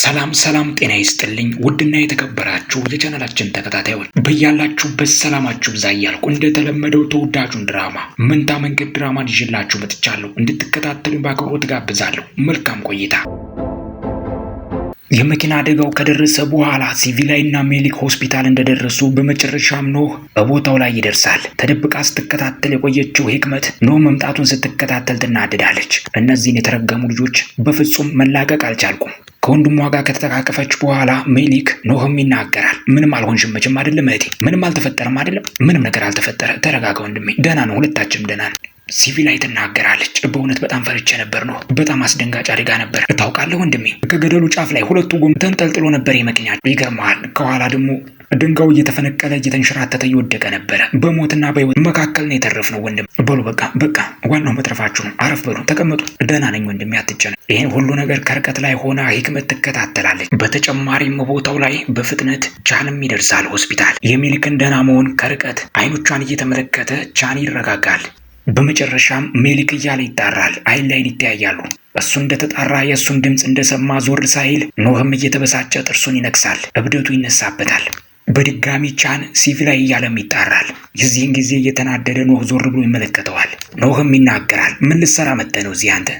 ሰላም ሰላም፣ ጤና ይስጥልኝ ውድና የተከበራችሁ የቻናላችን ተከታታዮች በያላችሁበት ሰላማችሁ ብዛ እያልኩ እንደተለመደው ተወዳጁን ድራማ መንታ መንገድ ድራማን ይዤላችሁ መጥቻለሁ። እንድትከታተሉኝ በአክብሮት ጋብዛለሁ። መልካም ቆይታ የመኪና አደጋው ከደረሰ በኋላ እና ሜሊክ ሆስፒታል እንደደረሱ በመጨረሻም ኖህ በቦታው ላይ ይደርሳል። ተደብቃ ስትከታተል የቆየችው ህክመት ኖህ መምጣቱን ስትከታተል ትናደዳለች። እነዚህን የተረገሙ ልጆች በፍጹም መላቀቅ አልቻልኩም። ከወንድሟ ጋር ከተጠቃቀፈች በኋላ ሜሊክ ኖህም ይናገራል። ምንም አልሆንሽም መቼም አይደለም እህቴ፣ ምንም አልተፈጠረም አይደለም፣ ምንም ነገር አልተፈጠረ፣ ተረጋጋ ወንድሜ፣ ደህና ነው፣ ሁለታችንም ደህና ነው ሲቪላ ትናገራለች። በእውነት በጣም ፈርቼ ነበር ነው። በጣም አስደንጋጭ አደጋ ነበር። እታውቃለህ ወንድሜ፣ ከገደሉ ጫፍ ላይ ሁለቱ ጎን ተንጠልጥሎ ነበር የመኪናቸው። ይገርመሃል፣ ከኋላ ደግሞ ድንጋው እየተፈነቀለ እየተንሸራተተ እየወደቀ ነበረ። በሞትና በህይወት መካከል ነው የተረፍነው ወንድም። በሉ በቃ በቃ፣ ዋናው መትረፋችሁ ነው። አረፍ በሉ፣ ተቀመጡ። ደህና ነኝ ወንድሜ፣ አትጨነቅ። ይህን ሁሉ ነገር ከርቀት ላይ ሆና ህክመት ትከታተላለች። በተጨማሪም ቦታው ላይ በፍጥነት ቻንም ይደርሳል ሆስፒታል። የሚልክን ደህና መሆን ከርቀት አይኖቿን እየተመለከተ ቻን ይረጋጋል። በመጨረሻም ሜሊክ እያለ ይጣራል። አይን ላይን ይተያያሉ። እሱ እንደተጣራ የእሱን ድምፅ እንደሰማ ዞር ሳይል ኖህም እየተበሳጨ ጥርሱን ይነክሳል። እብደቱ ይነሳበታል። በድጋሚ ቻን ሲቪ ላይ እያለም ይጣራል። የዚህን ጊዜ እየተናደደ ኖህ ዞር ብሎ ይመለከተዋል። ኖህም ይናገራል። ምን ልትሰራ መጠ ነው እዚህ? አንተ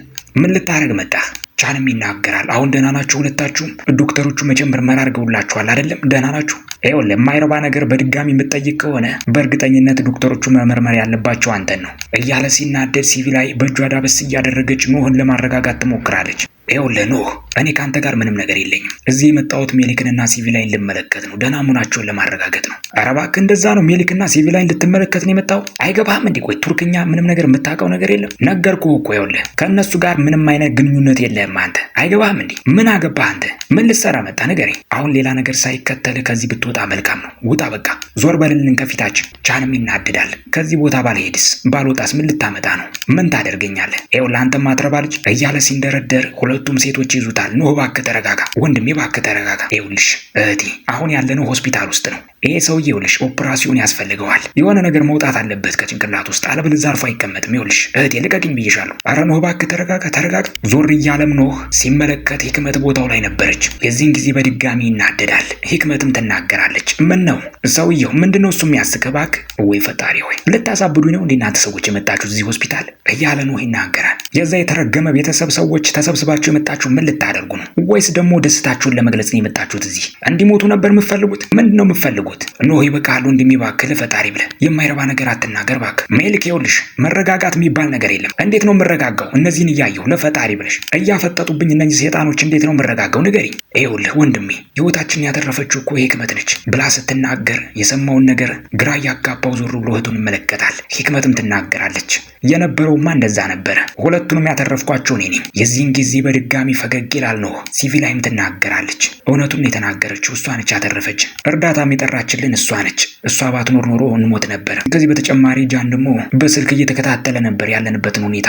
ምን ልታረግ መጣህ? ብቻንም ይናገራል። አሁን ደህና ናችሁ ሁለታችሁ? ዶክተሮቹ መቼም ምርመራ አድርገውላችኋል አይደለም? ደህና ናችሁ? ይኸውልህ የማይረባ ነገር በድጋሚ የምትጠይቅ ከሆነ በእርግጠኝነት ዶክተሮቹ መመርመር ያለባቸው አንተን ነው እያለ ሲናደድ ሲቪላይ በእጇ ዳበስ እያደረገች ኖህን ለማረጋጋት ትሞክራለች። ይኸውልህ ኖህ፣ እኔ ከአንተ ጋር ምንም ነገር የለኝም። እዚህ የመጣሁት ሜሊክንና ሲቪላይን ልመለከት ነው፣ ደህና መሆናቸውን ለማረጋገጥ ነው። ኧረ እባክህ እንደዛ ነው? ሜሊክና ሲቪላይን ልትመለከት ነው የመጣው? አይገባህም እንዴ? ቆይ ቱርክኛ ምንም ነገር የምታውቀው ነገር የለም? ነገርኩህ እኮ። ይኸውልህ ከእነሱ ጋር ምንም አይነት ግንኙነት የለህም አንተ። አይገባህም እንዴ? ምን አገባህ አንተ? ምን ልትሰራ መጣ? ንገረኝ። አሁን ሌላ ነገር ሳይከተልህ ከዚህ ብትወጣ መልካም ነው። ውጣ በቃ፣ ዞር በልልን ከፊታችን። ቻንም ይናድዳል። ከዚህ ቦታ ባልሄድስ፣ ባልወጣስ ምን ልታመጣ ነው? ምን ታደርገኛለህ? ይኸውልህ አንተም አትረባ ልጅ እያለ ሲንደረደር ሁለቱም ሴቶች ይዙታል። ኖህ እባክህ ተረጋጋ ወንድሜ፣ እባክህ ተረጋጋ። ይኸውልሽ እህቴ፣ አሁን ያለነው ሆስፒታል ውስጥ ነው። ይሄ ሰውዬ ይኸውልሽ ኦፕራሲዮን ያስፈልገዋል። የሆነ ነገር መውጣት አለበት ከጭንቅላት ውስጥ፣ አለበለዚያ አርፎ አይቀመጥም። ይኸውልሽ እህቴ፣ ልቀቅኝ ብዬሻለሁ። አረ ኖህ እባክህ ተረጋጋ፣ ተረጋጋ። ዞር እያለም ኖህ ሲመለከት ህክመት ቦታው ላይ ነበረች። የዚህን ጊዜ በድጋሚ ይናደዳል። ህክመትም ትናገራለች። ምን ነው ሰውየው፣ ምንድነው እሱ የሚያስቅህ እባክህ? ወይ ፈጣሪ ሆይ ልታሳብዱኝ ነው እንዲህ እናንተ ሰዎች የመጣችሁት እዚህ ሆስፒታል እያለ ኖህ ይናገራል። የዛ የተረገመ ቤተሰብ ሰዎች ተሰብስባችሁ የመጣችሁ ምን ልታደርጉ ነው? ወይስ ደግሞ ደስታችሁን ለመግለጽ ነው የመጣችሁት? እዚህ እንዲሞቱ ነበር የምፈልጉት? ምንድን ነው የምፈልጉት? ኖህ ይበቃሉ እንደሚባክል ፈጣሪ ብለ የማይረባ ነገር አትናገር ባክ። ሜልክ ይኸውልሽ፣ መረጋጋት የሚባል ነገር የለም። እንዴት ነው የምረጋጋው? እነዚህን እያየሁ ለፈጣሪ ብለሽ እያፈጠጡብኝ እነዚህ ሴጣኖች፣ እንዴት ነው የምረጋጋው? ንገሪኝ። ይኸውልህ ወንድሜ፣ ህይወታችንን ያተረፈችው እኮ ህክመት ነች ብላ ስትናገር የሰማውን ነገር ግራ እያጋባው ዞር ብሎ እህቱን ይመለከታል። ህክመትም ትናገራለች፣ የነበረውማ እንደዛ ነበረ ሁለቱንም ያተረፍኳቸው እኔ ነኝ። የዚህን ጊዜ በድጋሚ ፈገግ ይላል ነው። ሲቪላይም ትናገራለች። እውነቱን የተናገረችው እሷ ነች ያተረፈች። እርዳታም የጠራችልን እሷ ነች። እሷ ባትኖር ኖሮ እንሞት ነበር። ከዚህ በተጨማሪ ጃን ደግሞ በስልክ እየተከታተለ ነበር ያለንበትን ሁኔታ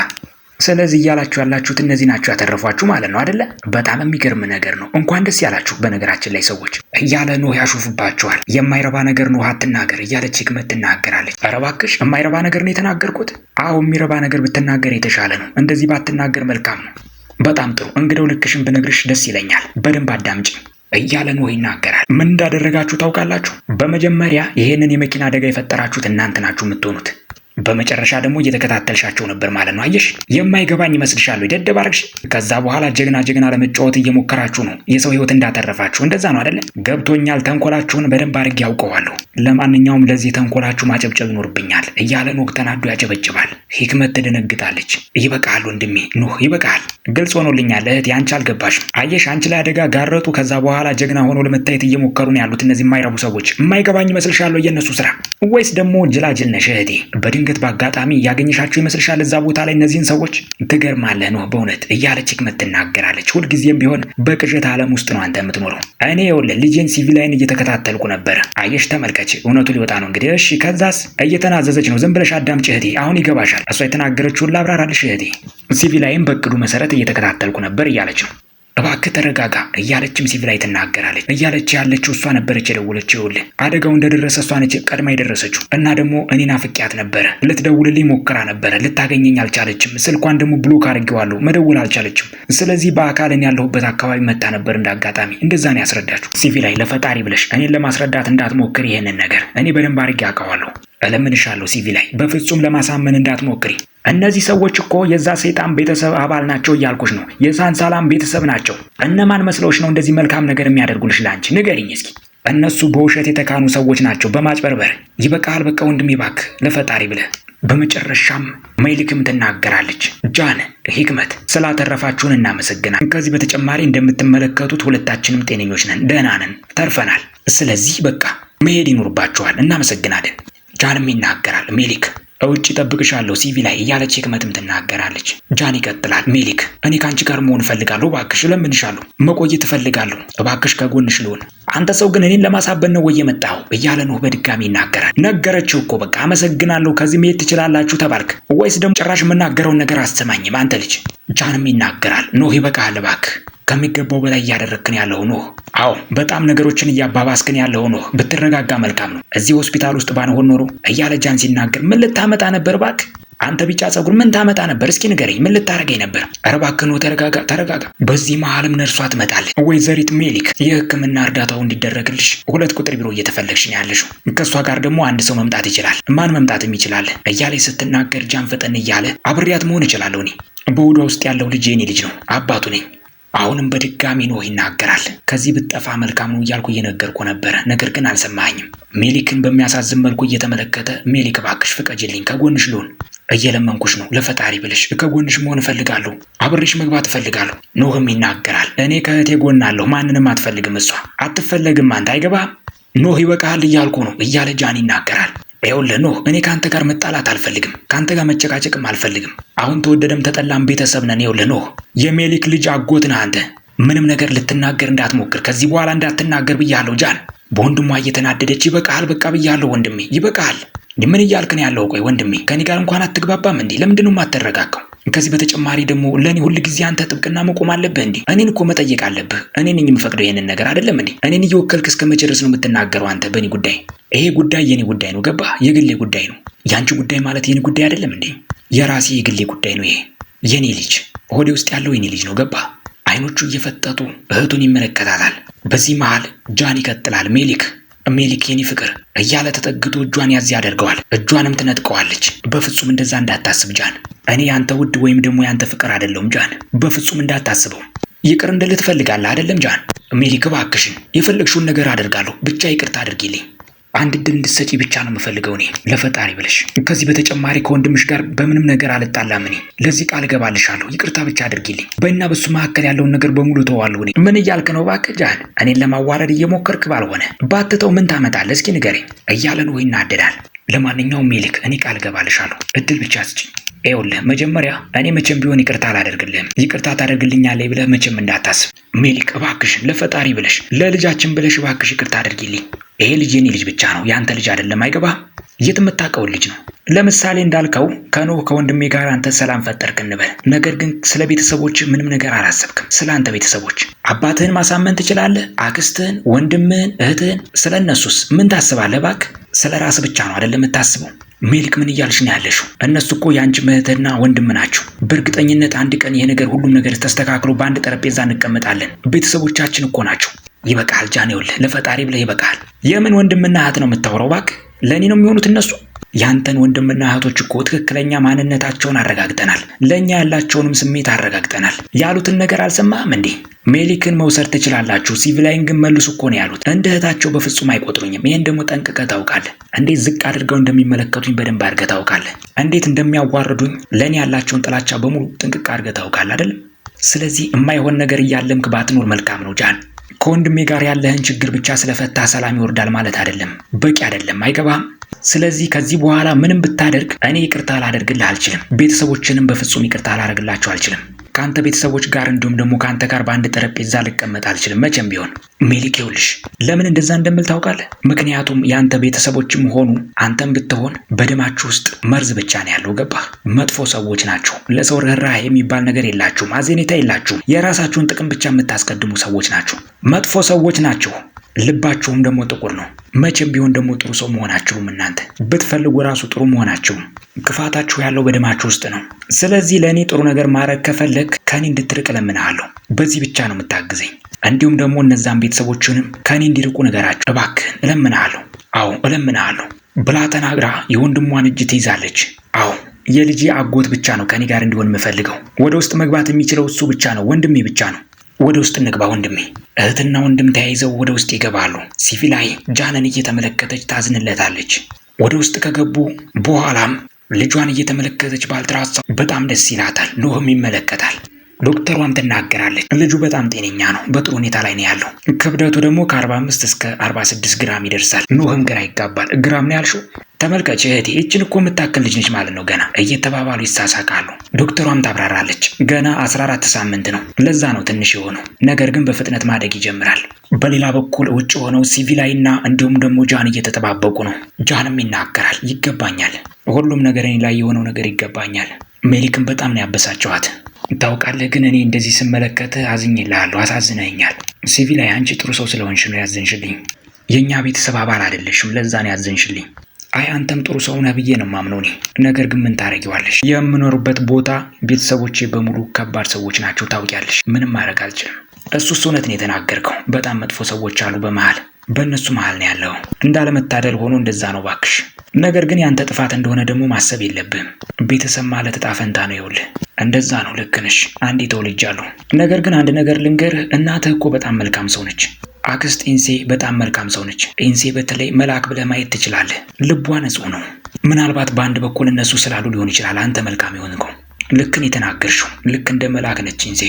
ስለዚህ እያላችሁ ያላችሁት እነዚህ ናቸው ያተረፏችሁ ማለት ነው አደለ? በጣም የሚገርም ነገር ነው። እንኳን ደስ ያላችሁ። በነገራችን ላይ ሰዎች እያለ ኖህ ያሹፍባችኋል። የማይረባ ነገር ኖህ አትናገር እያለች ሕክመት ትናገራለች። ኧረ እባክሽ የማይረባ ነገር ነው የተናገርኩት? አዎ የሚረባ ነገር ብትናገር የተሻለ ነው። እንደዚህ ባትናገር መልካም ነው። በጣም ጥሩ እንግዲያው ልክሽን ብነግርሽ ደስ ይለኛል። በደንብ አዳምጪ እያለ ኖህ ይናገራል። ምን እንዳደረጋችሁ ታውቃላችሁ? በመጀመሪያ ይሄንን የመኪና አደጋ የፈጠራችሁት እናንተ ናችሁ የምትሆኑት በመጨረሻ ደግሞ እየተከታተልሻቸው ነበር ማለት ነው። አየሽ የማይገባኝ ይመስልሻል ደደብ ደደባርቅሽ? ከዛ በኋላ ጀግና ጀግና ለመጫወት እየሞከራችሁ ነው፣ የሰው ህይወት እንዳተረፋችሁ። እንደዛ ነው አደለ? ገብቶኛል። ተንኮላችሁን በደንብ አድርጌ ያውቀዋለሁ። ለማንኛውም ለዚህ ተንኮላችሁ ማጨብጨብ ይኖርብኛል እያለ ኖክ ተናዶ ያጨበጭባል። ሂክመት ትደነግጣለች። ይበቃል ወንድሜ ኖህ ይበቃል። ግልጽ ሆኖልኛል እህት፣ ያንቺ አልገባሽም። አየሽ አንቺ ላይ አደጋ ጋረጡ። ከዛ በኋላ ጀግና ሆኖ ለመታየት እየሞከሩ ነው ያሉት እነዚህ የማይረቡ ሰዎች። የማይገባኝ ይመስልሻለሁ? የእነሱ ስራ ወይስ ደግሞ ጅላጅል ነሽ እህቴ? በድንገ በእርግጥ በአጋጣሚ እያገኘሻቸው ይመስልሻል? እዛ ቦታ ላይ እነዚህን ሰዎች ትገርማለህ ነው በእውነት እያለች ህክመት ትናገራለች። ሁልጊዜም ቢሆን በቅዠት ዓለም ውስጥ ነው አንተ የምትኖረው። እኔ ይኸውልህ ልጄን ሲቪላይን እየተከታተልኩ ነበር። አየሽ ተመልከች፣ እውነቱ ሊወጣ ነው እንግዲህ። እሺ ከዛስ? እየተናዘዘች ነው። ዝም ብለሽ አዳምጪ እህቴ፣ አሁን ይገባሻል። እሷ የተናገረችውን ላብራራልሽ እህቴ። ሲቪላይን በእቅዱ መሰረት እየተከታተልኩ ነበር እያለች ነው እባክህ ተረጋጋ እያለችም ሲቪላይ ትናገራለች። እያለች ያለችው እሷ ነበረች የደወለችው። ይኸውልህ አደጋው እንደደረሰ እሷ ነች ቀድማ የደረሰችው እና ደግሞ እኔን አፍቅያት ነበረ። ልትደውልልኝ ሞክራ ነበረ፣ ልታገኘኝ አልቻለችም። ስልኳን ደግሞ ብሎክ አድርጌዋለሁ፣ መደወል አልቻለችም። ስለዚህ በአካል እኔ ያለሁበት አካባቢ መታ ነበር፣ እንደ አጋጣሚ እንደዛ ነው ያስረዳችሁ። ሲቪላይ ለፈጣሪ ብለሽ እኔን ለማስረዳት እንዳትሞክር ይሄንን ነገር እኔ በደንብ አድርጌ አውቀዋለሁ። እለምንሻለሁ ሲቪ ላይ በፍጹም ለማሳመን እንዳትሞክሪ። እነዚህ ሰዎች እኮ የዛ ሰይጣን ቤተሰብ አባል ናቸው እያልኩሽ ነው። የሳንሳላም ቤተሰብ ናቸው። እነማን መስለውሽ ነው እንደዚህ መልካም ነገር የሚያደርጉልሽ? ለአንቺ ንገሪኝ እስኪ። እነሱ በውሸት የተካኑ ሰዎች ናቸው፣ በማጭበርበር ይበቃል። በቃ ወንድሜ እባክህ ለፈጣሪ ብለህ። በመጨረሻም ሜሊክም ትናገራለች። ጃን ሂክመት ስላተረፋችሁን እናመሰግናል። ከዚህ በተጨማሪ እንደምትመለከቱት ሁለታችንም ጤነኞች ነን፣ ደህና ነን፣ ተርፈናል። ስለዚህ በቃ መሄድ ይኖርባችኋል። እናመሰግናለን። ጃንም ይናገራል። ሜሊክ እውጭ ጠብቅሻለሁ ሲቪ ላይ እያለች ህክመትም ትናገራለች። ጃን ይቀጥላል። ሜሊክ እኔ ከአንቺ ጋር መሆን እፈልጋለሁ፣ እባክሽ እለምንሻለሁ፣ መቆየት እፈልጋለሁ፣ እባክሽ ከጎንሽ ልሆን። አንተ ሰው ግን እኔን ለማሳበን ነው ወይ የመጣኸው? እያለ ኖህ በድጋሚ ይናገራል። ነገረችው እኮ በቃ አመሰግናለሁ፣ ከዚህ መሄድ ትችላላችሁ ተባልክ፣ ወይስ ደግሞ ጭራሽ የምናገረውን ነገር አሰማኝም አንተ ልጅ። ጃንም ይናገራል። ኖህ ይበቃሃል፣ እባክህ ከሚገባው በላይ እያደረግክን ያለው ኖህ። አዎ በጣም ነገሮችን እያባባስክን ያለው ኖህ። ብትረጋጋ መልካም ነው። እዚህ ሆስፒታል ውስጥ ባንሆን ኖሮ እያለ ጃን ሲናገር ምን ልታመጣ ነበር ባክ? አንተ ቢጫ ጸጉር ምን ታመጣ ነበር? እስኪ ንገረኝ፣ ምን ልታረገኝ ነበር? እባክህ ኖህ ተረጋጋ፣ ተረጋጋ። በዚህ መሀልም ነርሷ ትመጣለች። ወይዘሪት ሜሊክ የህክምና እርዳታው እንዲደረግልሽ ሁለት ቁጥር ቢሮ እየተፈለግሽ ነው ያለሽው። ከእሷ ጋር ደግሞ አንድ ሰው መምጣት ይችላል። ማን መምጣትም ይችላል እያለ ስትናገር ጃን ፈጠን እያለ አብሬያት መሆን እችላለሁ። እኔ በውዷ ውስጥ ያለው ልጅ የኔ ልጅ ነው፣ አባቱ ነኝ። አሁንም በድጋሚ ኖህ ይናገራል። ከዚህ ብጠፋ መልካም ነው እያልኩ እየነገርኩ ነበረ፣ ነገር ግን አልሰማኝም። ሜሊክን በሚያሳዝን መልኩ እየተመለከተ ሜሊክ እባክሽ ፍቀጅልኝ፣ ከጎንሽ ልሆን እየለመንኩሽ ነው። ለፈጣሪ ብለሽ ከጎንሽ መሆን እፈልጋለሁ። አብሬሽ መግባት እፈልጋለሁ። ኖህም ይናገራል። እኔ ከእህቴ ጎን አለሁ። ማንንም አትፈልግም። እሷ አትፈለግም። አንተ አይገባህም። ኖህ ይበቃሃል እያልኩ ነው እያለ ጃን ይናገራል። ይኸውልህ ኖህ እኔ ከአንተ ጋር መጣላት አልፈልግም፣ ከአንተ ጋር መጨቃጨቅም አልፈልግም። አሁን ተወደደም ተጠላም ቤተሰብ ነን። ይኸውልህ ኖህ የሜሊክ ልጅ አጎት ነህ አንተ። ምንም ነገር ልትናገር እንዳትሞክር፣ ከዚህ በኋላ እንዳትናገር ብያለሁ። ጃን በወንድሟ እየተናደደች ይበቃሃል፣ በቃ ብያለሁ ወንድሜ፣ ይበቃሃል። ምን እያልክ ነው ያለው? ቆይ ወንድሜ ከኔ ጋር እንኳን አትግባባም እንዴ? ለምንድን የማትረጋጋው? ከዚህ በተጨማሪ ደግሞ ለእኔ ጊዜ አንተ ጥብቅና መቆም አለብህ እንዴ? እኔን እኮ መጠየቅ አለብህ። እኔ የምፈቅደው ይህንን ነገር አይደለም እንዴ? እኔን እየወከልክ እስከ መቼ ድረስ ነው የምትናገረው አንተ በእኔ ጉዳይ? ይሄ ጉዳይ የኔ ጉዳይ ነው፣ ገባ የግሌ ጉዳይ ነው። የአንቺ ጉዳይ ማለት የኔ ጉዳይ አይደለም እንዴ? የራሴ የግሌ ጉዳይ ነው። ይሄ የኔ ልጅ ሆዴ ውስጥ ያለው የኔ ልጅ ነው፣ ገባ አይኖቹ እየፈጠጡ እህቱን ይመለከታታል። በዚህ መሃል ጃን ይቀጥላል። ሜሊክ ሜሊኬኒ ፍቅር እያለ ተጠግቶ እጇን ያዝ ያደርገዋል። እጇንም ትነጥቀዋለች። በፍጹም እንደዛ እንዳታስብ ጃን። እኔ ያንተ ውድ ወይም ደግሞ ያንተ ፍቅር አይደለሁም ጃን። በፍጹም እንዳታስበው። ይቅር እንድልህ ትፈልጋለህ አይደለም ጃን? ሜሊክ እባክሽን፣ የፈለግሽውን ነገር አደርጋለሁ፣ ብቻ ይቅርታ አድርጊልኝ። አንድ ድል እንድትሰጪ ብቻ ነው የምፈልገው እኔ ለፈጣሪ ብለሽ። ከዚህ በተጨማሪ ከወንድምሽ ጋር በምንም ነገር አልጣላም። እኔ ለዚህ ቃል እገባልሻለሁ። ይቅርታ ብቻ አድርጊልኝ። በእና በሱ መካከል ያለውን ነገር በሙሉ ተዋለሁ። እኔ ምን እያልክ ነው እባክህ ጃን? እኔን ለማዋረድ እየሞከርክ ባልሆነ ባትተው ምን ታመጣለህ? እስኪ ንገረኝ እያለን ወይ ይናደዳል። ለማንኛውም ሜሊክ እኔ ቃል እገባልሻለሁ። እድል ብቻ ስጭኝ። ይኸውልህ መጀመሪያ እኔ መቼም ቢሆን ይቅርታ አላደርግልህም። ይቅርታ ታደርግልኛለህ ብለህ መቼም እንዳታስብ። ሜሊክ እባክሽ፣ ለፈጣሪ ብለሽ ለልጃችን ብለሽ እባክሽ ይቅርታ አድርጊልኝ። ይሄ ልጅ የኔ ልጅ ብቻ ነው፣ ያንተ ልጅ አይደለም። አይገባ የትምታቀውን ልጅ ነው። ለምሳሌ እንዳልከው ከኖህ ከወንድሜ ጋር አንተ ሰላም ፈጠርክ እንበል። ነገር ግን ስለ ቤተሰቦች ምንም ነገር አላሰብክም። ስለ አንተ ቤተሰቦች አባትህን ማሳመን ትችላለህ፣ አክስትህን፣ ወንድምህን፣ እህትህን። ስለ እነሱስ ምን ታስባለህ? እባክህ ስለ ራስ ብቻ ነው አይደለም የምታስበው? ሜልክ ምን እያልሽ ነው ያለሽው? እነሱ እኮ የአንቺ ምህትና ወንድም ናቸው። በእርግጠኝነት አንድ ቀን ይሄ ነገር ሁሉም ነገር ተስተካክሎ በአንድ ጠረጴዛ እንቀመጣለን። ቤተሰቦቻችን እኮ ናቸው። ይበቃል ጃኔውል፣ ለፈጣሪ ብለህ ይበቃል። የምን ወንድምና እህት ነው የምታወራው? እባክህ ለእኔ ነው የሚሆኑት እነሱ ያንተን ወንድምና እህቶች እኮ ትክክለኛ ማንነታቸውን አረጋግጠናል። ለእኛ ያላቸውንም ስሜት አረጋግጠናል። ያሉትን ነገር አልሰማህም እንዴ? ሜሊክን መውሰድ ትችላላችሁ፣ ሲቪላይንግን መልሱ እኮ ነው ያሉት። እንደ እህታቸው በፍጹም አይቆጥሩኝም። ይህን ደግሞ ጠንቅቀህ ታውቃለህ። እንዴት ዝቅ አድርገው እንደሚመለከቱኝ በደንብ አድርገህ ታውቃለህ። እንዴት እንደሚያዋርዱኝ፣ ለእኔ ያላቸውን ጥላቻ በሙሉ ጥንቅቅ አድርገህ ታውቃለህ አይደለም? ስለዚህ የማይሆን ነገር እያለምክ ባትኖር መልካም ነው ጃን። ከወንድሜ ጋር ያለህን ችግር ብቻ ስለፈታ ሰላም ይወርዳል ማለት አይደለም። በቂ አይደለም። አይገባም ስለዚህ ከዚህ በኋላ ምንም ብታደርግ እኔ ይቅርታ ላደርግልህ አልችልም። ቤተሰቦችንም በፍጹም ይቅርታ ላደርግላቸው አልችልም። ከአንተ ቤተሰቦች ጋር እንዲሁም ደግሞ ከአንተ ጋር በአንድ ጠረጴዛ ልቀመጥ አልችልም መቼም ቢሆን። ሜሊክ ይኸውልሽ፣ ለምን እንደዛ እንደምል ታውቃለህ? ምክንያቱም የአንተ ቤተሰቦችም ሆኑ አንተም ብትሆን በደማችሁ ውስጥ መርዝ ብቻ ነው ያለው። ገባህ? መጥፎ ሰዎች ናቸው። ለሰው ርህራሄ የሚባል ነገር የላችሁም። አዜኔታ የላችሁም። የራሳችሁን ጥቅም ብቻ የምታስቀድሙ ሰዎች ናቸው። መጥፎ ሰዎች ናቸው። ልባችሁም ደግሞ ጥቁር ነው። መቼም ቢሆን ደግሞ ጥሩ ሰው መሆናችሁም እናንተ ብትፈልጉ ራሱ ጥሩ መሆናችሁም ክፋታችሁ ያለው በደማችሁ ውስጥ ነው። ስለዚህ ለእኔ ጥሩ ነገር ማድረግ ከፈለግ ከእኔ እንድትርቅ እለምንሃለሁ። በዚህ ብቻ ነው የምታግዘኝ። እንዲሁም ደግሞ እነዛን ቤተሰቦችንም ከእኔ እንዲርቁ ነገራቸው እባክህን፣ እለምንሃለሁ። አዎ እለምንሃለሁ ብላ ተናግራ የወንድሟን እጅ ትይዛለች። አዎ የልጄ አጎት ብቻ ነው ከእኔ ጋር እንዲሆን የምፈልገው። ወደ ውስጥ መግባት የሚችለው እሱ ብቻ ነው፣ ወንድሜ ብቻ ነው። ወደ ውስጥ እንግባ ወንድሜ። እህትና ወንድም ተያይዘው ወደ ውስጥ ይገባሉ። ሲቪላይ ጃንን እየተመለከተች ታዝንለታለች። ወደ ውስጥ ከገቡ በኋላም ልጇን እየተመለከተች ባልትራሷ በጣም ደስ ይላታል። ኖህም ይመለከታል። ዶክተሯም ትናገራለች። ልጁ በጣም ጤነኛ ነው፣ በጥሩ ሁኔታ ላይ ነው ያለው። ክብደቱ ደግሞ ከ45 እስከ 46 ግራም ይደርሳል። ኖህም ግራ ይጋባል። ግራም ነው ያልሽው? ተመልከች እህቴ ይችን እኮ የምታክል ልጅ ነች ማለት ነው ገና እየተባባሉ ይሳሳቃሉ። ዶክተሯም ታብራራለች ገና 14 ሳምንት ነው፣ ለዛ ነው ትንሽ የሆነው ነገር ግን በፍጥነት ማደግ ይጀምራል። በሌላ በኩል ውጭ ሆነው ሲቪላይና እንዲሁም ደግሞ ጃን እየተጠባበቁ ነው። ጃንም ይናገራል ይገባኛል፣ ሁሉም ነገር እኔ ላይ የሆነው ነገር ይገባኛል። ሜሊክን በጣም ነው ያበሳቸዋት። ታውቃለህ ግን እኔ እንደዚህ ስመለከት አዝኝልሃለሁ፣ አሳዝነኛል። ሲቪላይ አንቺ ጥሩ ሰው ስለሆንሽ ነው ያዘንሽልኝ። የእኛ ቤተሰብ አባል አይደለሽም፣ ለዛ ነው ያዘንሽልኝ። አይ አንተም ጥሩ ሰው ነህ ብዬ ነው ማምነው እኔ። ነገር ግን ምን ታረጊዋለሽ? የምኖርበት ቦታ ቤተሰቦቼ በሙሉ ከባድ ሰዎች ናቸው ታውቂያለሽ። ምንም ማድረግ አልችልም። እሱስ እውነት ነው የተናገርከው። በጣም መጥፎ ሰዎች አሉ በመሃል በእነሱ መሀል ነው ያለው። እንዳለመታደል ሆኖ እንደዛ ነው ባክሽ። ነገር ግን ያንተ ጥፋት እንደሆነ ደግሞ ማሰብ የለብህም። ቤተሰብ ማለት ዕጣ ፈንታ ነው። ይኸውልህ እንደዛ ነው። ልክ ነሽ። አንዴ ተወልጃለሁ። ነገር ግን አንድ ነገር ልንገርህ፣ እናትህ እኮ በጣም መልካም ሰው ነች። አክስት ኢንሴ በጣም መልካም ሰው ነች። ኢንሴ በተለይ መልአክ ብለህ ማየት ትችላለህ። ልቧ ንጹህ ነው። ምናልባት በአንድ በኩል እነሱ ስላሉ ሊሆን ይችላል አንተ መልካም የሆንከው። ልክን የተናገርሽው ልክ እንደ መልአክ ነች ኢንሴ።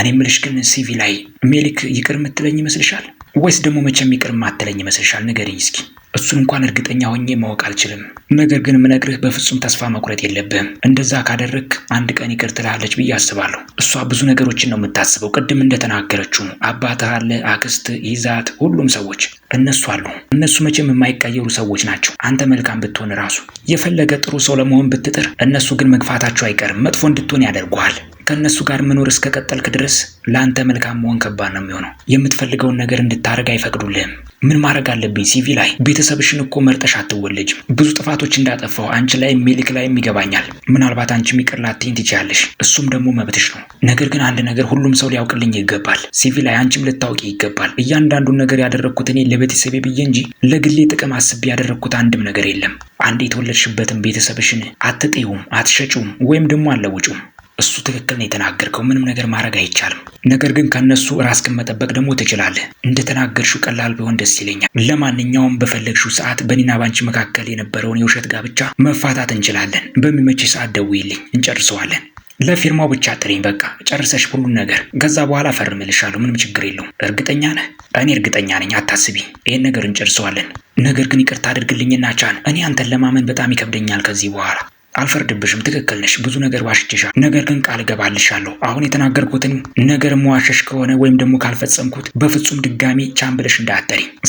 እኔ ምልሽ ግን ሲቪ ላይ ሜሊክ ይቅር የምትለኝ ይመስልሻል? ወይስ ደግሞ መቼም ይቅር ማትለኝ ይመስልሻል? ንገሪኝ እስኪ። እሱን እንኳን እርግጠኛ ሆኜ ማወቅ አልችልም። ነገር ግን ምነግርህ በፍጹም ተስፋ መቁረጥ የለብህም። እንደዛ ካደረግክ አንድ ቀን ይቅር ትልሃለች ብዬ አስባለሁ። እሷ ብዙ ነገሮችን ነው የምታስበው። ቅድም እንደተናገረችው አባትህ አለ፣ አክስት፣ ይዛት፣ ሁሉም ሰዎች እነሱ አሉ። እነሱ መቼም የማይቀየሩ ሰዎች ናቸው። አንተ መልካም ብትሆን ራሱ የፈለገ ጥሩ ሰው ለመሆን ብትጥር፣ እነሱ ግን መግፋታቸው አይቀርም። መጥፎ እንድትሆን ያደርጉሃል። ከእነሱ ጋር መኖር እስከ ቀጠልክ ድረስ ለአንተ መልካም መሆን ከባድ ነው የሚሆነው። የምትፈልገውን ነገር እንድታደርግ አይፈቅዱልህም። ምን ማድረግ አለብኝ? ሲቪ ላይ ቤተሰብሽን እኮ መርጠሽ አትወለጅም። ብዙ ጥፋቶች እንዳጠፋው አንቺ ላይ ሜሊክ ላይም ይገባኛል። ምናልባት አንቺ ይቅር ላትይኝ ትችያለሽ። እሱም ደግሞ መብትሽ ነው። ነገር ግን አንድ ነገር ሁሉም ሰው ሊያውቅልኝ ይገባል። ሲቪ ላይ አንቺም ልታውቂ ይገባል። እያንዳንዱን ነገር ያደረግኩት እኔ ለቤተሰቤ ብዬ እንጂ ለግሌ ጥቅም አስቤ ያደረግኩት አንድም ነገር የለም። አንድ የተወለድሽበትን ቤተሰብሽን አትጤውም አትሸጩም ወይም ደግሞ አለውጩም። እሱ ትክክል ነው የተናገርከው፣ ምንም ነገር ማድረግ አይቻልም። ነገር ግን ከነሱ ራስክን መጠበቅ ደግሞ ትችላለህ። እንደተናገርሽው ቀላል ቢሆን ደስ ይለኛል። ለማንኛውም በፈለግሽው ሰዓት በኔና ባንቺ መካከል የነበረውን የውሸት ጋብቻ መፋታት እንችላለን። በሚመችሽ ሰዓት ደውይልኝ፣ እንጨርሰዋለን። ለፊርማው ብቻ ትሪኝ በቃ ጨርሰሽ ሁሉን ነገር ከዛ በኋላ ፈርምልሻለሁ። ምንም ችግር የለውም። እርግጠኛ ነህ? እኔ እርግጠኛ ነኝ። አታስቢ፣ ይህን ነገር እንጨርሰዋለን። ነገር ግን ይቅርታ አድርግልኝና ቻን፣ እኔ አንተን ለማመን በጣም ይከብደኛል ከዚህ በኋላ አልፈርድብሽም። ትክክል ነሽ። ብዙ ነገር ዋሽችሻል። ነገር ግን ቃል እገባልሻለሁ አሁን የተናገርኩትን ነገር መዋሸሽ ከሆነ ወይም ደግሞ ካልፈጸምኩት በፍጹም ድጋሚ ቻን ብለሽ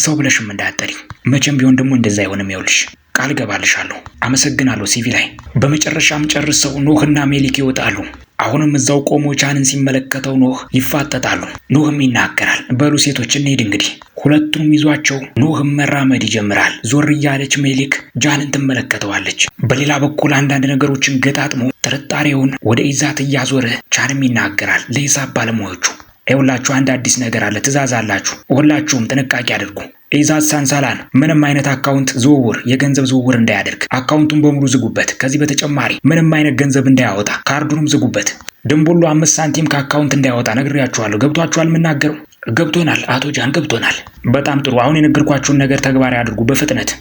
ሰው ብለሽም እንዳጠሪ መቼም ቢሆን ደግሞ እንደዛ አይሆንም። ይኸውልሽ ቃል ገባልሻለሁ። አመሰግናለሁ ላይ በመጨረሻም ጨርሰው ኖህና ሜሊክ ይወጣሉ። አሁንም እዛው ቆሞ ቻንን ሲመለከተው ኖህ ይፋጠጣሉ። ኖህም ይናገራል፣ በሉ ሴቶች እንሄድ እንግዲህ። ሁለቱም ይዟቸው ኖህም መራመድ ይጀምራል። ዞር እያለች ሜሊክ ጃንን ትመለከተዋለች። በሌላ በኩል አንዳንድ ነገሮችን ገጣጥሞ ጥርጣሬውን ወደ ኢዛት እያዞረ ቻንም ይናገራል ለሂሳብ ባለሙያዎቹ ይኸውላችሁ አንድ አዲስ ነገር አለ። ትእዛዝ አላችሁ። ሁላችሁም ጥንቃቄ አድርጉ። ኢዛዝ ሳንሳላን ምንም አይነት አካውንት ዝውውር የገንዘብ ዝውውር እንዳያደርግ አካውንቱን በሙሉ ዝጉበት። ከዚህ በተጨማሪ ምንም አይነት ገንዘብ እንዳያወጣ ካርዱንም ዝጉበት። ድንቡሉ አምስት ሳንቲም ከአካውንት እንዳያወጣ ነግሬያችኋለሁ። ገብቷችኋል የምናገረው? ገብቶናል አቶ ጃን ገብቶናል። በጣም ጥሩ። አሁን የነገርኳችሁን ነገር ተግባራዊ አድርጉ በፍጥነት።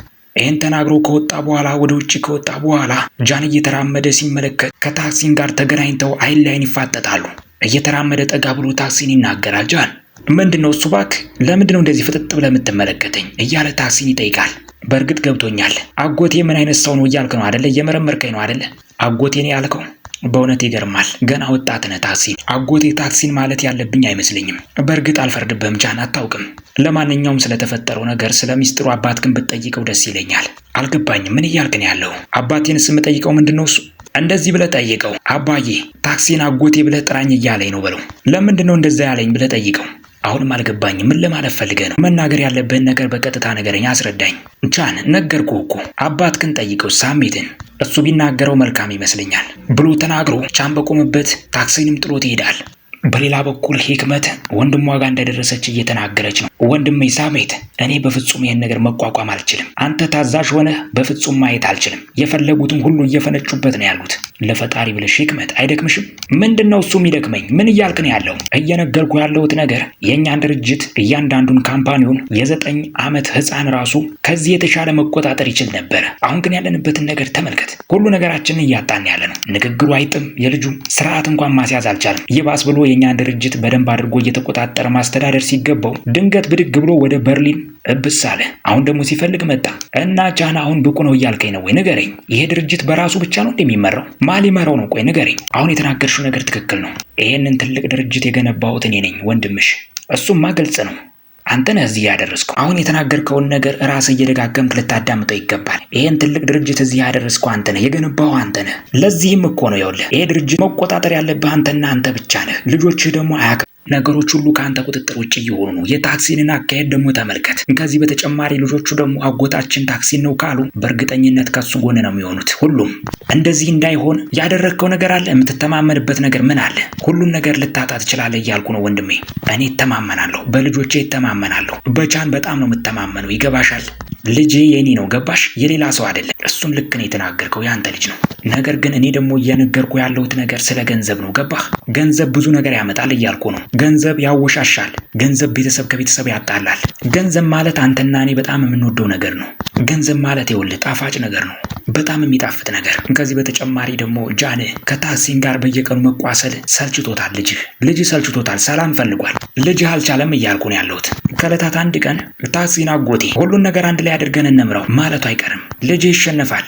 ይህን ተናግሮ ከወጣ በኋላ ወደ ውጭ ከወጣ በኋላ ጃን እየተራመደ ሲመለከት ከታክሲን ጋር ተገናኝተው አይን ላይን ይፋጠጣሉ። እየተራመደ ጠጋ ብሎ ታክሲን ይናገራል ጃን ምንድን ነው እሱ ባክ ለምንድን ነው እንደዚህ ፍጥጥ ብለህ የምትመለከተኝ? እያለ ታክሲን ይጠይቃል። በእርግጥ ገብቶኛል። አጎቴ ምን አይነት ሰው ነው እያልክ ነው አደለ? እየመረመርከኝ ነው አደለ? አጎቴ ነው ያልከው? በእውነት ይገርማል። ገና ወጣት ነህ ታክሲን። አጎቴ ታክሲን ማለት ያለብኝ አይመስለኝም። በእርግጥ አልፈርድብህም፣ ጃን አታውቅም። ለማንኛውም ስለተፈጠረው ነገር ስለ ሚስጥሩ አባት ግን ብትጠይቀው ደስ ይለኛል። አልገባኝም። ምን እያልክ ነው ያለው? አባቴን ስምጠይቀው ምንድን ነው እሱ እንደዚህ ብለህ ጠይቀው። አባዬ ታክሲን አጎቴ ብለህ ጥራኝ እያለኝ ነው በለው። ለምንድን ነው እንደዛ ያለኝ ብለህ ጠይቀው። አሁንም አልገባኝም። ምን ለማለት ፈልገ ነው? መናገር ያለብህን ነገር በቀጥታ ነገረኝ፣ አስረዳኝ። ቻን ነገርኩህ እኮ አባትህን ጠይቀው፣ ሳሚትን እሱ ቢናገረው መልካም ይመስለኛል ብሎ ተናግሮ ቻን በቆመበት ታክሲንም ጥሎት ይሄዳል። በሌላ በኩል ሂክመት ወንድሟ ጋር እንደደረሰች እየተናገረች ነው። ወንድሜ ሳሜት፣ እኔ በፍጹም ይህን ነገር መቋቋም አልችልም። አንተ ታዛዥ ሆነህ በፍጹም ማየት አልችልም። የፈለጉትም ሁሉ እየፈነጩበት ነው ያሉት። ለፈጣሪ ብለሽ ሂክመት፣ አይደክምሽም? ምንድን ነው እሱ የሚደክመኝ? ምን እያልክ ነው ያለው? እየነገርኩ ያለሁት ነገር የእኛን ድርጅት እያንዳንዱን ካምፓኒውን የዘጠኝ ዓመት ህፃን ራሱ ከዚህ የተሻለ መቆጣጠር ይችል ነበረ። አሁን ግን ያለንበትን ነገር ተመልከት። ሁሉ ነገራችንን እያጣን ያለ ነው። ንግግሩ አይጥም። የልጁ ስርዓት እንኳን ማስያዝ አልቻለም። ይባስ ብሎ የእኛን ድርጅት በደንብ አድርጎ እየተቆጣጠረ ማስተዳደር ሲገባው ድንገት ብድግ ብሎ ወደ በርሊን እብስ አለ። አሁን ደግሞ ሲፈልግ መጣ እና ቻና፣ አሁን ብቁ ነው እያልከኝ ነው ወይ? ንገረኝ። ይሄ ድርጅት በራሱ ብቻ ነው እንደሚመራው? ማን ሊመራው ነው? ቆይ ንገረኝ። አሁን የተናገርሽው ነገር ትክክል ነው። ይሄንን ትልቅ ድርጅት የገነባሁት እኔ ነኝ ወንድምሽ። እሱማ ግልጽ ነው። አንተን እዚህ ያደረስኩ። አሁን የተናገርከውን ነገር ራስህ እየደጋገምክ ልታዳምጠው ይገባል። ይሄን ትልቅ ድርጅት እዚህ ያደረስኩ አንተ ነህ፣ የገነባው አንተ ነህ። ለዚህም እኮ ነው ይኸውልህ፣ ይሄ ድርጅት መቆጣጠር ያለብህ አንተና አንተ ብቻ ነህ። ልጆችህ ደግሞ አያከ ነገሮች ሁሉ ከአንተ ቁጥጥር ውጭ እየሆኑ ነው። የታክሲንን አካሄድ ደግሞ ተመልከት። ከዚህ በተጨማሪ ልጆቹ ደግሞ አጎታችን ታክሲን ነው ካሉ በእርግጠኝነት ከሱ ጎን ነው የሚሆኑት። ሁሉም እንደዚህ እንዳይሆን ያደረግከው ነገር አለ፣ የምትተማመንበት ነገር ምን አለ? ሁሉን ነገር ልታጣ ትችላለህ እያልኩ ነው ወንድሜ። እኔ እተማመናለሁ፣ በልጆቼ እተማመናለሁ። በቻን በጣም ነው የምተማመነው። ይገባሻል ልጅ የኔ ነው ገባሽ? የሌላ ሰው አይደለም። እሱም ልክ ነው የተናገርከው፣ የአንተ ልጅ ነው። ነገር ግን እኔ ደግሞ እየነገርኩ ያለሁት ነገር ስለ ገንዘብ ነው ገባህ? ገንዘብ ብዙ ነገር ያመጣል እያልኩ ነው። ገንዘብ ያወሻሻል። ገንዘብ ቤተሰብ ከቤተሰብ ያጣላል። ገንዘብ ማለት አንተና እኔ በጣም የምንወደው ነገር ነው። ገንዘብ ማለት የወል ጣፋጭ ነገር ነው፣ በጣም የሚጣፍጥ ነገር። ከዚህ በተጨማሪ ደግሞ ጃን ከታሲን ጋር በየቀኑ መቋሰል ሰልችቶታል። ልጅህ ልጅህ ሰልችቶታል፣ ሰላም ፈልጓል። ልጅህ አልቻለም እያልኩ ነው ያለሁት። ከዕለታት አንድ ቀን ታሲን አጎቴ ሁሉን ነገር አንድ ላይ አድርገን እንምረው ማለቱ አይቀርም። ልጅ ይሸነፋል።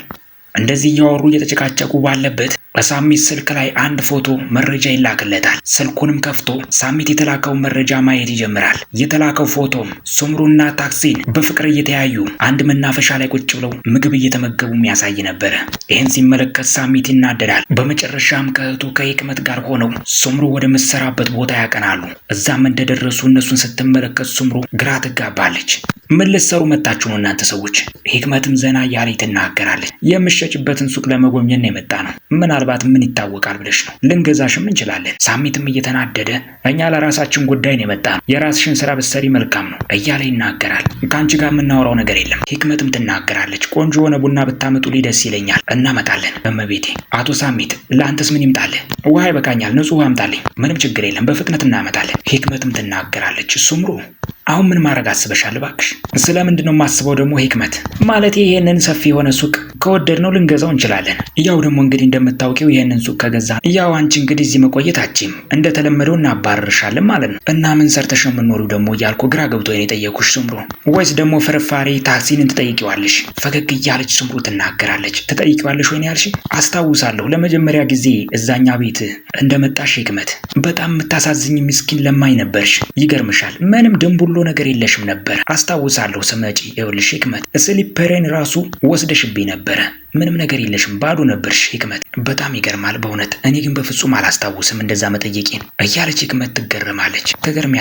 እንደዚህ እያወሩ እየተጨቃጨቁ ባለበት በሳሚት ስልክ ላይ አንድ ፎቶ መረጃ ይላክለታል። ስልኩንም ከፍቶ ሳሚት የተላከውን መረጃ ማየት ይጀምራል። የተላከው ፎቶም ሱምሩና ታክሲን በፍቅር እየተያዩ አንድ መናፈሻ ላይ ቁጭ ብለው ምግብ እየተመገቡ የሚያሳይ ነበረ። ይህን ሲመለከት ሳሚት ይናደዳል። በመጨረሻም ከእህቱ ከሂክመት ጋር ሆነው ሱምሩ ወደምትሰራበት ቦታ ያቀናሉ። እዛም እንደደረሱ እነሱን ስትመለከት ሱምሩ ግራ ትጋባለች። ምን ልትሰሩ መጣችሁ ነው እናንተ ሰዎች? ሂክመትም ዘና ያለ ትናገራለች። የምሸጭበትን ሱቅ ለመጎብኘት ነው የመጣ ነው። ምናልባት ምን ይታወቃል ብለሽ ነው። ልንገዛሽም እንችላለን። ሳሚትም እየተናደደ እኛ ለራሳችን ጉዳይ ነው የመጣ ነው። የራስሽን ስራ ብትሰሪ መልካም ነው እያለ ይናገራል። ከአንቺ ጋር የምናወራው ነገር የለም። ሂክመትም ትናገራለች። ቆንጆ የሆነ ቡና ብታመጡ ደስ ይለኛል እናመጣለን። እመቤቴ አቶ ሳሚት ለአንተስ ምን ይምጣልህ? ውሃ ይበቃኛል፣ ንጹህ ውሃ አምጣልኝ። ምንም ችግር የለም፣ በፍጥነት እናመጣለን። ሂክመትም ትናገራለች። ሱምሩ አሁን ምን ማድረግ አስበሻል? እባክሽ ስለ ነው የማስበው ደግሞ ሂክመት ማለት ይሄንን ሰፊ የሆነ ሱቅ ከወደድነው ልንገዛው እንችላለን። ያው ደግሞ እንግዲህ እንደምታውቂው ይህንን ሱቅ ከገዛ ያው አንቺ እንግዲህ እዚህ መቆየት አችም እንደተለመደው እናባረርሻለን ማለት ነው። እና ምን ሰርተሽ ነው የምንኖሩ ደግሞ እያልኩ ግራ ገብቶ ነው የጠየኩሽ ስምሩ፣ ወይስ ደግሞ ፍርፋሪ ታክሲንን ትጠይቂዋለሽ? ፈገግ እያለች ስምሩ ትናገራለች። ትጠይቂዋለሽ ወይ ያልሽ አስታውሳለሁ፣ ለመጀመሪያ ጊዜ እዛኛ ቤት እንደመጣሽ ሂክመት፣ በጣም የምታሳዝኝ ምስኪን ለማኝ ነበርሽ። ይገርምሻል ምንም ደንቡሎ ሁሉ ነገር የለሽም ነበር አስታውሳለሁ። ስመጪ ይኸውልሽ ሂክመት ስሊፐሬን ራሱ ወስደሽብኝ ነበረ። ምንም ነገር የለሽም ባዶ ነበርሽ ሂክመት። በጣም ይገርማል በእውነት እኔ ግን በፍጹም አላስታውስም እንደዛ መጠየቄን እያለች ሂክመት ትገረማለች።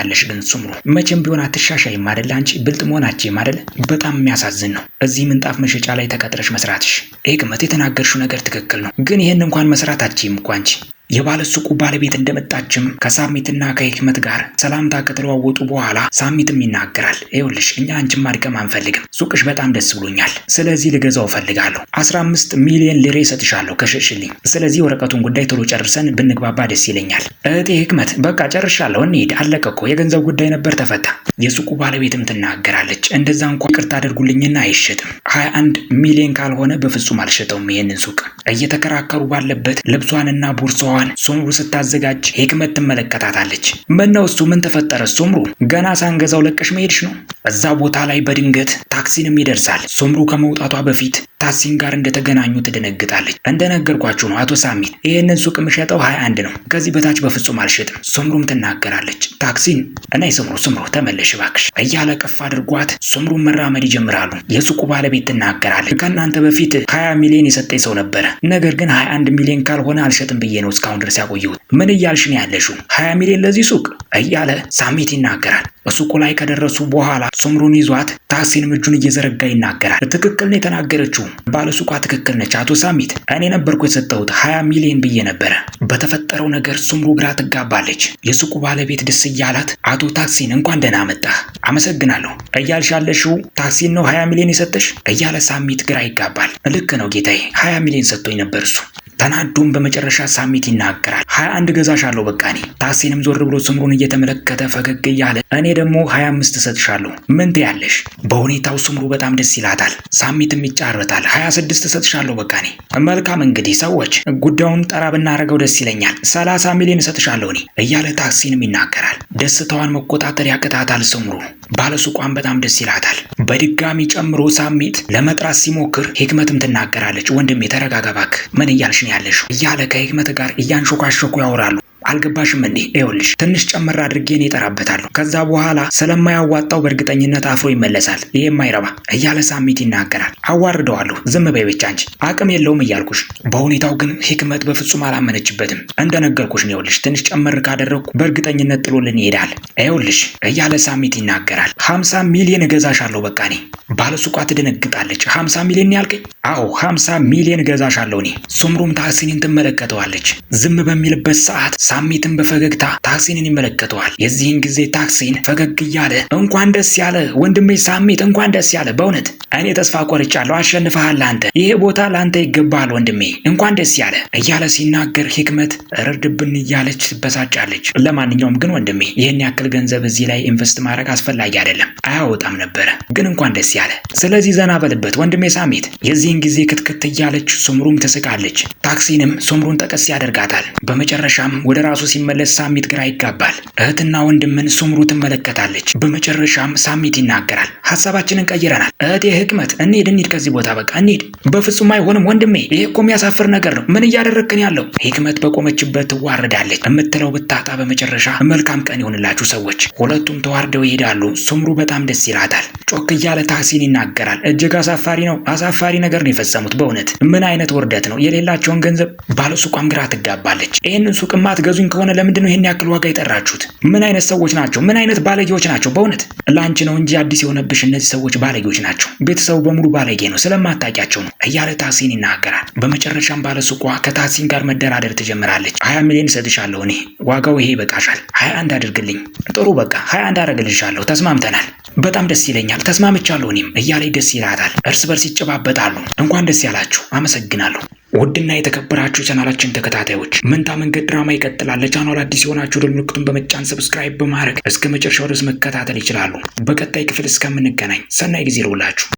ያለሽ ግን ስምሩ መቼም ቢሆን አትሻሻይም አደለ? አንቺ ብልጥ መሆናችም አደለ? በጣም የሚያሳዝን ነው እዚህ ምንጣፍ መሸጫ ላይ ተቀጥረሽ መስራትሽ። ሂክመት የተናገርሽው ነገር ትክክል ነው፣ ግን ይህን እንኳን መስራት አችም እኮ አንቺ የባለሱቁ ባለቤት እንደመጣችም ከሳሚትና ከህክመት ጋር ሰላምታ ከተለዋወጡ በኋላ ሳሚትም ይናገራል። ይኸውልሽ እኛ አንቺን ማድቀም አንፈልግም። ሱቅሽ በጣም ደስ ብሎኛል። ስለዚህ ልገዛው እፈልጋለሁ። አስራ አምስት ሚሊዮን ሊሬ እሰጥሻለሁ ከሸሽልኝ። ስለዚህ ወረቀቱን ጉዳይ ቶሎ ጨርሰን ብንግባባ ደስ ይለኛል። እህቴ ህክመት በቃ ጨርሻለሁ፣ እንሂድ። አለቀ እኮ የገንዘብ ጉዳይ ነበር፣ ተፈታ። የሱቁ ባለቤትም ትናገራለች። እንደዛ እንኳ ይቅርታ አድርጉልኝና አይሸጥም። ሀያ አንድ ሚሊዮን ካልሆነ በፍጹም አልሸጠውም ይሄንን ሱቅ። እየተከራከሩ ባለበት ልብሷንና ቦርሳዋ ሻወሯን ሱምሩ ስታዘጋጅ ሂክመት ትመለከታታለች። ምነው እሱ ምን ተፈጠረ ሱምሩ? ገና ሳንገዛው ለቀሽ መሄድሽ ነው። እዛ ቦታ ላይ በድንገት ታክሲንም ይደርሳል። ሱምሩ ከመውጣቷ በፊት ታክሲን ጋር እንደተገናኙ ትደነግጣለች። እንደነገርኳችሁ ነው አቶ ሳሚት፣ ይህንን ሱቅ የምሸጠው ሀያ አንድ ነው። ከዚህ በታች በፍጹም አልሸጥም። ሱምሩም ትናገራለች። ታክሲን እና ሱምሩ ሱምሩ ተመለሽ እባክሽ እያለ ቀፍ አድርጓት ሱምሩን መራመድ ይጀምራሉ። የሱቁ ባለቤት ትናገራለች። ከእናንተ በፊት ሀያ ሚሊዮን የሰጠኝ ሰው ነበረ። ነገር ግን ሀያ አንድ ሚሊዮን ካልሆነ አልሸጥም ብዬ ነው እስካሁን እስካሁን ድረስ ያቆየሁት ምን እያልሽ ነው ያለሽው? ሀያ ሚሊዮን ለዚህ ሱቅ እያለ ሳሚት ይናገራል። ሱቁ ላይ ከደረሱ በኋላ ሱምሩን ይዟት ታክሲን እጁን እየዘረጋ ይናገራል። ትክክል ነው የተናገረችው ባለሱቋ ትክክል ነች። አቶ ሳሚት እኔ ነበርኩ የሰጠሁት ሀያ ሚሊዮን ብዬ ነበረ። በተፈጠረው ነገር ሱምሩ ግራ ትጋባለች። የሱቁ ባለቤት ደስ እያላት አቶ ታክሲን እንኳን ደህና መጣህ አመሰግናለሁ እያልሽ ያለሽው ታክሲን ነው ሀያ ሚሊዮን የሰጠሽ እያለ ሳሚት ግራ ይጋባል። ልክ ነው ጌታዬ ሀያ ሚሊዮን ሰጥቶኝ ነበር እሱ ተናዶም በመጨረሻ ሳሚት ይናገራል። ሀያ አንድ ገዛሻለሁ በቃ እኔ። ታሴንም ዞር ብሎ ስምሩን እየተመለከተ ፈገግ እያለ እኔ ደግሞ ሀያ አምስት እሰጥሻለሁ ምን ትያለሽ? በሁኔታው ስምሩ በጣም ደስ ይላታል። ሳሚትም ይጫረታል። ሀያ ስድስት እሰጥሻለሁ በቃ እኔ። መልካም እንግዲህ ሰዎች ጉዳዩን ጠራ ብናደርገው ደስ ይለኛል። ሰላሳ ሚሊዮን እሰጥሻለሁ እኔ እያለ ታክሲንም ይናገራል። ደስታዋን መቆጣጠር ያቅታታል። ስምሩ ባለሱቋን በጣም ደስ ይላታል። በድጋሚ ጨምሮ ሳሚት ለመጥራት ሲሞክር ሂክመትም ትናገራለች። ወንድሜ ተረጋጋ እባክህ ምን እያልሽ ነው ያለሽው እያለ ከህክመት ጋር እያንሾካሾኩ ያወራሉ። አልገባሽም እንዴ? ይኸውልሽ ትንሽ ጨመር አድርጌ እኔ እጠራበታለሁ። ከዛ በኋላ ስለማያዋጣው በእርግጠኝነት አፍሮ ይመለሳል። ይሄም አይረባ እያለ ሳሚት ይናገራል። አዋርደዋለሁ። ዝም በይ ብቻ እንጂ አቅም የለውም እያልኩሽ። በሁኔታው ግን ሂክመት በፍጹም አላመነችበትም። እንደነገርኩሽ ነው። ይኸውልሽ ትንሽ ጨመር ካደረግኩ በእርግጠኝነት ጥሎልን ይሄዳል። ይኸውልሽ እያለ ሳሚት ይናገራል። ሀምሳ ሚሊዮን እገዛሻለሁ። በቃ እኔ ባለሱቋ ትደነግጣለች። ሀምሳ ሚሊዮን ያልከኝ? አዎ ሀምሳ ሚሊዮን እገዛሻለሁ እኔ። ሱምሩም ታህሲንን ትመለከተዋለች። ዝም በሚልበት ሰዓት ሳሚትን በፈገግታ ታክሲንን ይመለከተዋል። የዚህን ጊዜ ታክሲን ፈገግ እያለ እንኳን ደስ ያለ ወንድሜ ሳሚት፣ እንኳን ደስ ያለ። በእውነት እኔ ተስፋ ቆርጫለሁ። አሸንፈሃል አንተ። ይሄ ቦታ ለአንተ ይገባሃል ወንድሜ፣ እንኳን ደስ ያለ እያለ ሲናገር ህክመት ርድብን እያለች ትበሳጫለች። ለማንኛውም ግን ወንድሜ ይህን ያክል ገንዘብ እዚህ ላይ ኢንቨስት ማድረግ አስፈላጊ አይደለም፣ አያወጣም ነበረ። ግን እንኳን ደስ ያለ። ስለዚህ ዘና በልበት ወንድሜ ሳሚት። የዚህን ጊዜ ክትክት እያለች ሱምሩም ትስቃለች። ታክሲንም ሱምሩን ጠቀስ ያደርጋታል። በመጨረሻም ወደ ራሱ ሲመለስ ሳሚት ግራ ይጋባል። እህትና ወንድምን ሱምሩ ትመለከታለች። በመጨረሻም ሳሚት ይናገራል። ሀሳባችንን ቀይረናል። እህቴ ህክመት፣ እንሂድ እንሂድ፣ ከዚህ ቦታ በቃ እንሂድ። በፍጹም አይሆንም ወንድሜ፣ ይህ እኮ የሚያሳፍር ነገር ነው። ምን እያደረግክን ያለው? ህክመት በቆመችበት ትዋርዳለች። የምትለው ብታጣ በመጨረሻ መልካም ቀን ይሆንላችሁ ሰዎች። ሁለቱም ተዋርደው ይሄዳሉ። ሱምሩ በጣም ደስ ይላታል። ጮክ እያለ ታህሲን ይናገራል። እጅግ አሳፋሪ ነው፣ አሳፋሪ ነገር ነው የፈጸሙት። በእውነት ምን አይነት ውርደት ነው! የሌላቸውን ገንዘብ ባለሱቋም ግራ ትጋባለች። ይህንን ሱቅማ ትገዙ የምትገዙኝ ከሆነ ለምንድን ነው ይሄን ያክል ዋጋ የጠራችሁት? ምን አይነት ሰዎች ናቸው? ምን አይነት ባለጌዎች ናቸው? በእውነት ለአንቺ ነው እንጂ አዲስ የሆነብሽ እነዚህ ሰዎች ባለጌዎች ናቸው። ቤተሰቡ በሙሉ ባለጌ ነው፣ ስለማታውቂያቸው ነው እያለ ታሲን ይናገራል። በመጨረሻም ባለሱቋ ከታሲን ጋር መደራደር ትጀምራለች። ሀያ ሚሊዮን እሰጥሻለሁ እኔ ዋጋው ይሄ ይበቃሻል። ሀያ አንድ አድርግልኝ። ጥሩ በቃ ሀያ አንድ አደርግልሻለሁ። ተስማምተናል። በጣም ደስ ይለኛል። ተስማምቻለሁ እኔም እያለ ደስ ይላታል። እርስ በርስ ይጨባበጣሉ። እንኳን ደስ ያላችሁ፣ አመሰግናለሁ ውድና የተከበራችሁ የቻናላችን ተከታታዮች መንታ መንገድ ድራማ ይቀጥላል። ለቻናሉ አዲስ የሆናችሁ ደወል ምልክቱን በመጫን ሰብስክራይብ በማድረግ እስከ መጨረሻው ድረስ መከታተል ይችላሉ። በቀጣይ ክፍል እስከምንገናኝ ሰናይ ጊዜ ይሁንላችሁ።